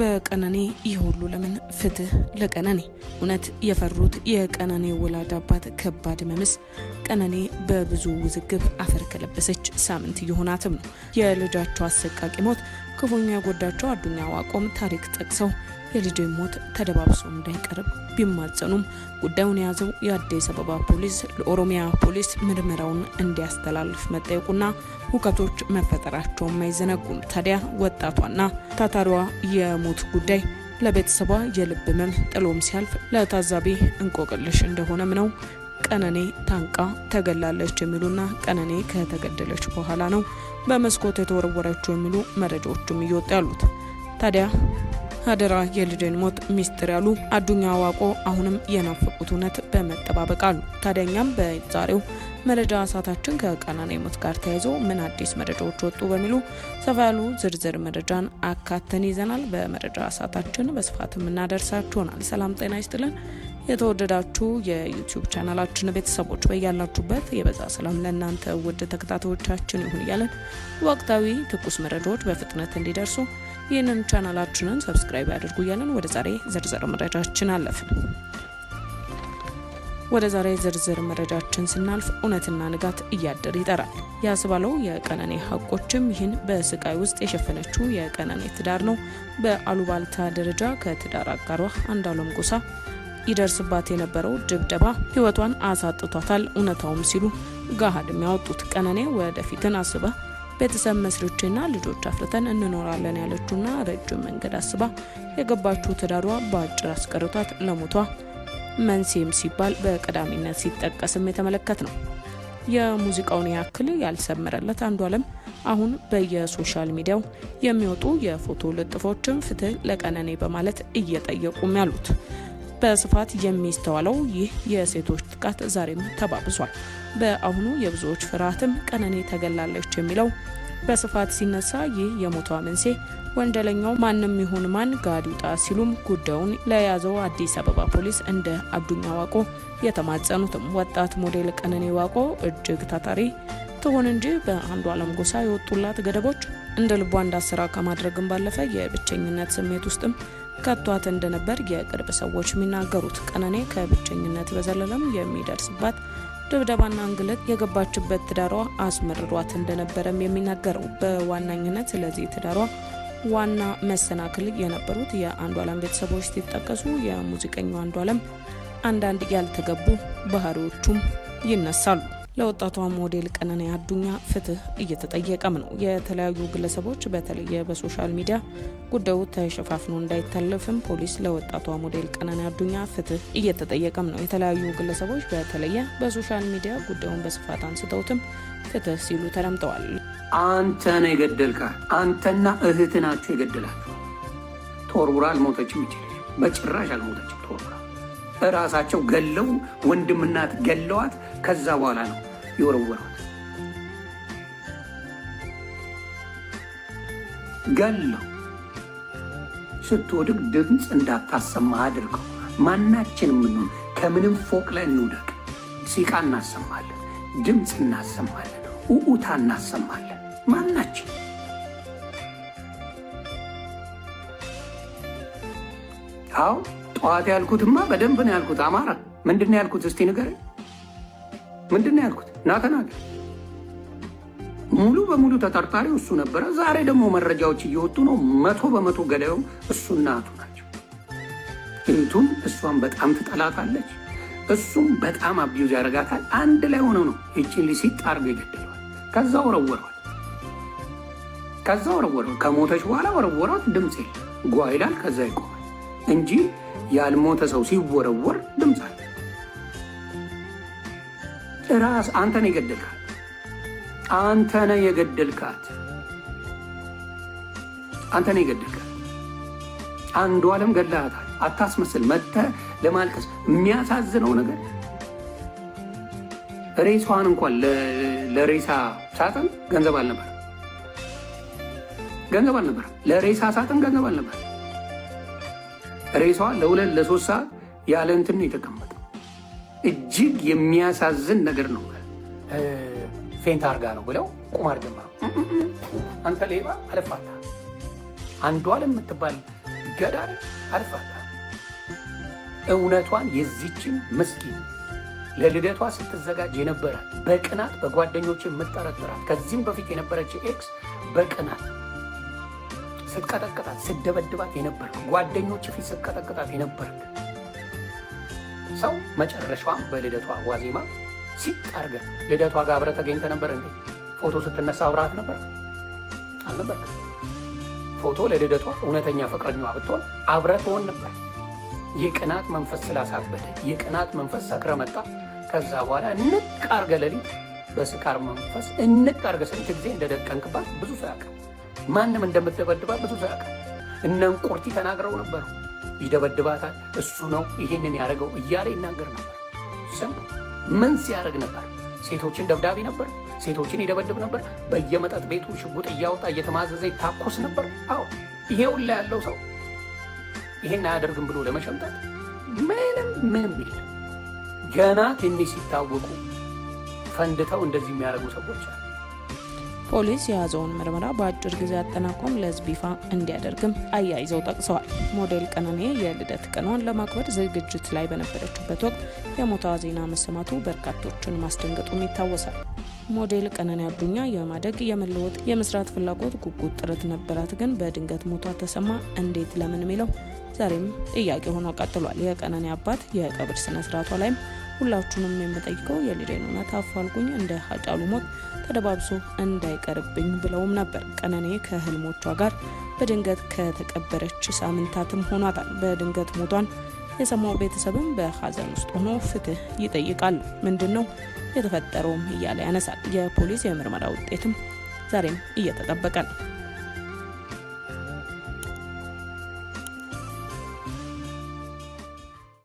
በቀነኔ ይህ ሁሉ ለምን? ፍትህ ለቀነኔ! እውነት የፈሩት የቀነኔ ወላድ አባት ከባድ መምስ። ቀነኔ በብዙ ውዝግብ አፈር ከለበሰች ሳምንት እየሆናትም ነው። የልጃቸው አሰቃቂ ሞት ክፉኛ ጎዳቸው አዱኛ ዋቆም ታሪክ ጠቅሰው የልጅ ሞት ተደባብሶ እንዳይቀርብ ቢማጸኑም ጉዳዩን የያዘው የአዲስ አበባ ፖሊስ ለኦሮሚያ ፖሊስ ምርመራውን እንዲያስተላልፍ መጠየቁና ሁከቶች መፈጠራቸውን አይዘነጉም። ታዲያ ወጣቷና ታታሪዋ የሞት ጉዳይ ለቤተሰቧ የልብ ህመም ጥሎም ሲያልፍ ለታዛቢ እንቆቅልሽ እንደሆነም ነው። ቀነኔ ታንቃ ተገላለች የሚሉና ቀነኔ ከተገደለች በኋላ ነው በመስኮት የተወረወረችው የሚሉ መረጃዎችም እየወጡ ያሉት ታዲያ አደራ የልጄን ሞት ሚስጥር ያሉ አዱኛ ዋቆ አሁንም የናፈቁት እውነት በመጠባበቅ አሉ። ታዲያኛም በዛሬው መረጃ ሰዓታችን ከቀናኒ ሞት ጋር ተያይዞ ምን አዲስ መረጃዎች ወጡ በሚሉ ሰፋ ያሉ ዝርዝር መረጃን አካተን ይዘናል። በመረጃ ሰዓታችን በስፋት የምናደርሳችሁ ይሆናል። ሰላም ጤና ይስጥልን። የተወደዳችሁ የዩቲዩብ ቻናላችን ቤተሰቦች በያላችሁበት የበዛ ሰላም ለእናንተ ውድ ተከታታዮቻችን ይሁን እያለን ወቅታዊ ትኩስ መረጃዎች በፍጥነት እንዲደርሱ ይህንን ቻናላችንን ሰብስክራይብ ያድርጉ እያለን ወደ ዛሬ ዝርዝር መረጃችን አለፍን። ወደ ዛሬ ዝርዝር መረጃችን ስናልፍ እውነትና ንጋት እያደር ይጠራል ያስባለው የቀነኔ ሀቆችም ይህን በስቃይ ውስጥ የሸፈነችው የቀነኔ ትዳር ነው። በአሉባልታ ደረጃ ከትዳር አጋሯ አንዷለም ጎሳ ይደርስባት የነበረው ድብደባ ህይወቷን አሳጥቷታል እውነታውም ሲሉ ገሃድም ያወጡት ቀነኔ ወደፊትን አስበ ቤተሰብ መስርቼና ልጆች አፍርተን እንኖራለን ያለችውና ረጅም መንገድ አስባ የገባችው ትዳሯ በአጭር አስቀርቷት ለሞቷ መንስኤም ሲባል በቀዳሚነት ሲጠቀስም የተመለከት ነው። የሙዚቃውን ያክል ያልሰመረለት አንዱ አለም አሁን በየሶሻል ሚዲያው የሚወጡ የፎቶ ልጥፎችን ፍትህ ለቀነኔ በማለት እየጠየቁም ያሉት በስፋት የሚስተዋለው ይህ የሴቶች ጥቃት ዛሬም ተባብሷል። በአሁኑ የብዙዎች ፍርሃትም ቀነኔ ተገላለች የሚለው በስፋት ሲነሳ ይህ የሞቷ መንስኤ ወንጀለኛው ማንም ይሁን ማን ጋድ ሲሉም ጉዳዩን ለያዘው አዲስ አበባ ፖሊስ እንደ አዱኛ ዋቆ የተማጸኑትም ወጣት ሞዴል ቀነኔ ዋቆ እጅግ ታታሪ ትሆን እንጂ በአንዱ አለም ጎሳ የወጡላት ገደቦች እንደ ልቧ እንዳሰራ ከማድረግም ባለፈ የብቸኝነት ስሜት ውስጥም ከቷት እንደነበር የቅርብ ሰዎች የሚናገሩት ቀነኔ ከብቸኝነት በዘለለም የሚደርስባት ድብደባና እንግልት የገባችበት ትዳሯ አስመርሯት እንደነበረም የሚናገረው በዋናኝነት ስለዚህ ትዳሯ ዋና መሰናክል የነበሩት የአንዷለም ቤተሰቦች ሲጠቀሱ የሙዚቀኛው አንዷለም አንዳንድ ያልተገቡ ባህሪዎቹም ይነሳሉ። ለወጣቷ ሞዴል ቀነኒ አዱኛ ፍትህ እየተጠየቀም ነው። የተለያዩ ግለሰቦች በተለየ በሶሻል ሚዲያ ጉዳዩ ተሸፋፍኖ እንዳይታለፍም ፖሊስ ለወጣቷ ሞዴል ቀነኒ አዱኛ ፍትህ እየተጠየቀም ነው። የተለያዩ ግለሰቦች በተለየ በሶሻል ሚዲያ ጉዳዩን በስፋት አንስተውትም ፍትህ ሲሉ ተደምጠዋል። አንተ ነው የገደልካ፣ አንተና እህት ናችሁ የገደላችሁ። ቡራ አልሞተችም፣ ይችላል በጭራሽ አልሞተችም ቡራ እራሳቸው ገለው ወንድምናት ገለዋት። ከዛ በኋላ ነው የወረወሯት። ገለው ስትወድቅ ድምፅ እንዳታሰማ አድርገው። ማናችን የምንሆን ከምንም ፎቅ ላይ እንውደቅ፣ ሲቃ እናሰማለን፣ ድምፅ እናሰማለን፣ ውዑታ እናሰማለን። ማናችን አዎ ጠዋት ያልኩትማ በደንብ ነው ያልኩት። አማራ ምንድን ነው ያልኩት? እስቲ ንገር፣ ምንድን ነው ያልኩት? ና ተናገር። ሙሉ በሙሉ ተጠርጣሪው እሱ ነበረ። ዛሬ ደግሞ መረጃዎች እየወጡ ነው። መቶ በመቶ ገዳዩ እሱ እናቱ ናቸው። እህቱም እሷን በጣም ትጠላታለች፣ እሱም በጣም አቢዩዝ ያደርጋታል። አንድ ላይ ሆነው ነው ይችን ልጅ ሲጣርገ ይገድለዋል። ከዛ ወረወረዋል። ከዛ ወረወረ ከሞተች በኋላ ወረወሯት። ድምፅ የለ ጓ ይላል። ከዛ ይቆማል እንጂ ያልሞተ ሰው ሲወረወር ድምፅ አለ። ራስ አንተነ የገደልካት አንተነ የገደልካት አንተነ የገደልካት አንዱ ዓለም ገላታል። አታስመስል መተ ለማልቀስ የሚያሳዝነው ነገር ሬሷን እንኳን ለሬሳ ሳጥን ገንዘብ አልነበረ ገንዘብ አልነበረ ለሬሳ ሳጥን ገንዘብ አልነበረ ሬሷ ለሁለት ለሶስት ሰዓት ያለ እንትን ነው የተቀመጠው። እጅግ የሚያሳዝን ነገር ነው። ፌንት አርጋ ነው ብለው ቁማር ጀመሩ። አንተ ሌባ አልፋታ፣ አንዷ ለምትባል ገዳር አልፋታ። እውነቷን የዚችን ምስኪን ለልደቷ ስትዘጋጅ የነበረ በቅናት በጓደኞች የምጠረጥራት ከዚህም በፊት የነበረች ኤክስ በቅናት ስትቀጠቅጣት ስደበድባት የነበርክ ጓደኞች ፊት ስትቀጠቅጣት የነበርክ ሰው መጨረሻዋም በልደቷ ዋዜማ ሲጣርገ ልደቷ ጋር አብረህ ተገኝተ ነበር እንዴ? ፎቶ ስትነሳ አብረሃት ነበር አልነበር? ፎቶ ለልደቷ እውነተኛ ፍቅረኛዋ ብትሆን አብረህ ትሆን ነበር። የቅናት መንፈስ ስላሳበደ የቅናት መንፈስ ሰክረ መጣ። ከዛ በኋላ እንቅ አርገ ሌሊት በስካር መንፈስ እንቅ አርገ ስንት ጊዜ እንደደቀንክባት ብዙ ሰው ያውቃል። ማንም እንደምትደበድባት ብዙ ሰዓት እነ እንቁርቲ ተናግረው ነበር። ይደበድባታል፣ እሱ ነው ይሄንን ያደረገው እያለ ይናገር ነበር። ስም ምን ሲያደርግ ነበር? ሴቶችን ደብዳቢ ነበር። ሴቶችን ይደበድብ ነበር። በየመጠጥ ቤቱ ሽጉጥ እያወጣ እየተማዘዘ ይታኮስ ነበር። አዎ ይሄ ሁላ ያለው ሰው ይሄን አያደርግም ብሎ ለመሸምጠት ምንም ምንም የለም። ገና ትንሽ ሲታወቁ ፈንድተው እንደዚህ የሚያደርጉ ሰዎች ፖሊስ የያዘውን ምርመራ በአጭር ጊዜ አጠናቆም ለሕዝብ ይፋ እንዲያደርግም አያይዘው ጠቅሰዋል። ሞዴል ቀነኔ የልደት ቀኗን ለማክበር ዝግጅት ላይ በነበረችበት ወቅት የሞቷ ዜና መሰማቱ በርካቶችን ማስደንገጡም ይታወሳል። ሞዴል ቀነኔ አዱኛ የማደግ የመለወጥ፣ የመስራት ፍላጎት፣ ጉጉት፣ ጥረት ነበራት። ግን በድንገት ሞቷ ተሰማ እንዴት ለምን የሚለው ዛሬም ጥያቄ ሆኖ ቀጥሏል። የቀነኔ አባት የቀብር ስነስርዓቷ ላይም ሁላችሁንም የምጠይቀው የልጄን እውነት አፋልጉኝ፣ እንደ ሀጫሉ ሞት ተደባብሶ እንዳይቀርብኝ ብለውም ነበር። ቀነኔ ከህልሞቿ ጋር በድንገት ከተቀበረች ሳምንታትም ሆኗታል። በድንገት ሞቷን የሰማው ቤተሰብም በሀዘን ውስጥ ሆኖ ፍትህ ይጠይቃሉ። ምንድን ነው የተፈጠረውም እያለ ያነሳል። የፖሊስ የምርመራ ውጤትም ዛሬም እየተጠበቀ ነው።